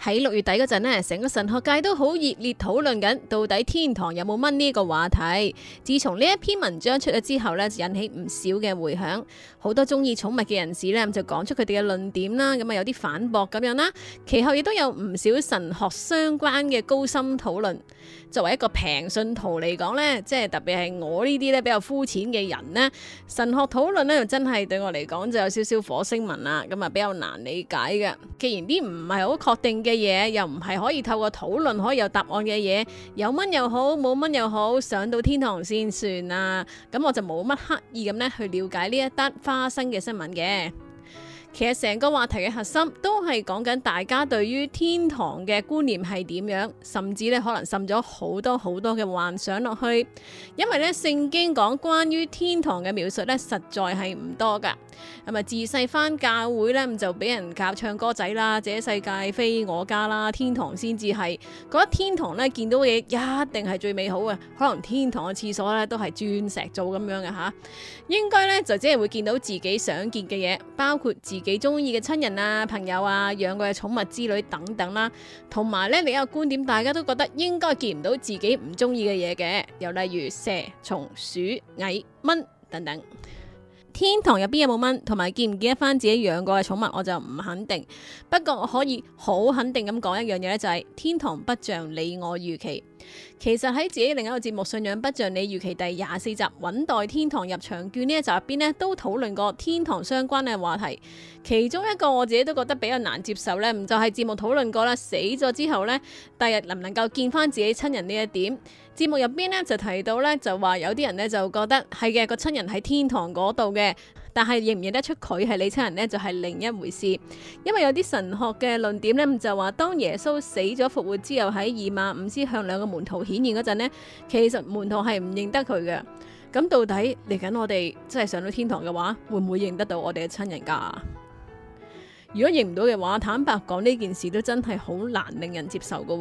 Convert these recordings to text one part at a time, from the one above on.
喺六月底嗰陣呢，成個神學界都好熱烈討論緊，到底天堂有冇蚊呢個話題。自從呢一篇文章出咗之後呢，引起唔少嘅回響，好多中意寵物嘅人士呢就講出佢哋嘅論點啦，咁啊有啲反駁咁樣啦。其後亦都有唔少神學相關嘅高深討論。作為一個平信徒嚟講呢即係特別係我呢啲呢比較膚淺嘅人呢，神學討論呢真係對我嚟講就有少少火星文啦，咁啊比較難理解嘅。既然啲唔係好確定嘅嘅嘢，又唔係可以透過討論可以有答案嘅嘢，有蚊又好，冇蚊又好，上到天堂先算啊。咁我就冇乜刻意咁咧去了解呢一單花生嘅新聞嘅。其實成個話題嘅核心都係講緊大家對於天堂嘅觀念係點樣，甚至咧可能滲咗好多好多嘅幻想落去。因為咧聖經講關於天堂嘅描述咧實在係唔多噶。咁啊自細翻教會咧就俾人教唱歌仔啦，這世界非我家啦，天堂先至係。覺得天堂咧見到嘅嘢一定係最美好嘅，可能天堂嘅廁所咧都係鑽石做咁樣嘅吓。應該咧就只係會見到自己想見嘅嘢，包括自。自己中意嘅親人啊、朋友啊、養過嘅寵物之類等等啦，同埋咧你有個觀點，大家都覺得應該見唔到自己唔中意嘅嘢嘅，又例如蛇、蟲鼠、蟻、蚊等等。天堂入邊有冇蚊？同埋見唔見得翻自己養過嘅寵物？我就唔肯定。不過我可以好肯定咁講一樣嘢咧，就係、是、天堂不像你我預期。其實喺自己另一個節目《信仰不像你預期》第廿四集《等待天堂入場券》呢一集入邊呢，都討論過天堂相關嘅話題。其中一個我自己都覺得比較難接受呢，唔就係、是、節目討論過啦，死咗之後呢，第日能唔能夠見翻自己親人呢一點？節目入邊呢就提到呢，就話有啲人呢，就覺得係嘅個親人喺天堂嗰度嘅。但係認唔認得出佢係你親人呢，就係另一回事。因為有啲神學嘅論點呢，就話當耶穌死咗復活之後，喺以馬忤斯向兩個門徒顯現嗰陣呢，其實門徒係唔認得佢嘅。咁到底嚟緊我哋真係上到天堂嘅話，會唔會認得到我哋嘅親人噶？如果認唔到嘅話，坦白講呢件事都真係好難令人接受噶。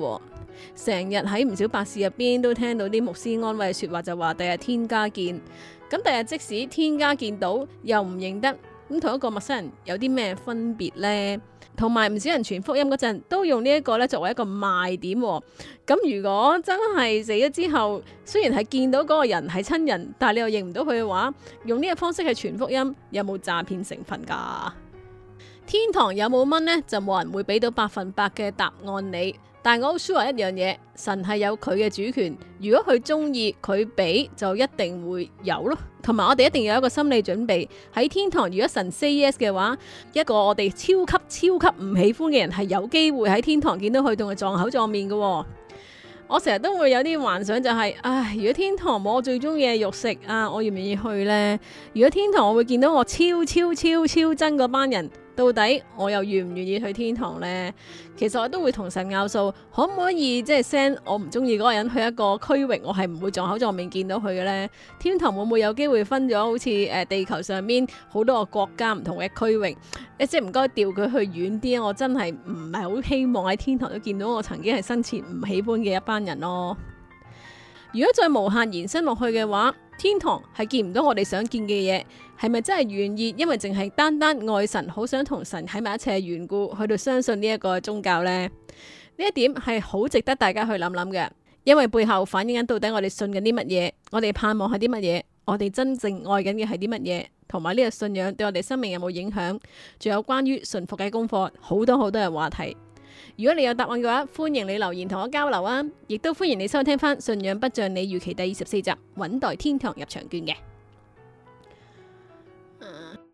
成日喺唔少白事入邊都聽到啲牧師安慰嘅說話，就話第日天家見，咁第日即使天家見到又唔認得，咁同一個陌生人有啲咩分別呢？同埋唔少人傳福音嗰陣都用呢一個咧作為一個賣點。咁如果真係死咗之後，雖然係見到嗰個人係親人，但係你又認唔到佢嘅話，用呢個方式去傳福音有冇詐騙成分噶？天堂有冇蚊呢？就冇人會俾到百分百嘅答案你。但係我好說話一樣嘢，神係有佢嘅主權。如果佢中意佢俾，就一定會有咯。同埋我哋一定要有一個心理準備，喺天堂如果神 say yes 嘅話，一個我哋超級超級唔喜歡嘅人係有機會喺天堂見到佢同佢撞口撞面嘅。我成日都會有啲幻想，就是，就係唉，如果天堂冇我最中意嘅肉食啊，我願唔願意去呢？如果天堂我會見到我超超超超真嗰班人，到底我又願唔願意去天堂呢？其實我都會同神拗數，可唔可以即係 send 我唔中意嗰個人去一個區域，我係唔會撞口撞面見到佢嘅呢？天堂會唔會有機會分咗好似誒地球上面好多個國家唔同嘅區域？即係唔該調佢去遠啲，我真係唔係好希望喺天堂都見到我曾經係生前唔喜歡嘅一班人咯。如果再無限延伸落去嘅話，天堂係見唔到我哋想見嘅嘢，係咪真係願意？因為淨係單單愛神，好想同神喺埋一齊嘅緣故，去到相信呢一個宗教呢。呢一點係好值得大家去諗諗嘅，因為背後反映緊到底我哋信緊啲乜嘢，我哋盼望係啲乜嘢，我哋真正愛緊嘅係啲乜嘢，同埋呢個信仰對我哋生命有冇影響？仲有關於順服嘅功課，好多好多嘅話題。如果你有答案嘅話，歡迎你留言同我交流啊！亦都歡迎你收聽翻《信仰不像你預期》第二十四集《穩代天堂入場券》嘅。Uh.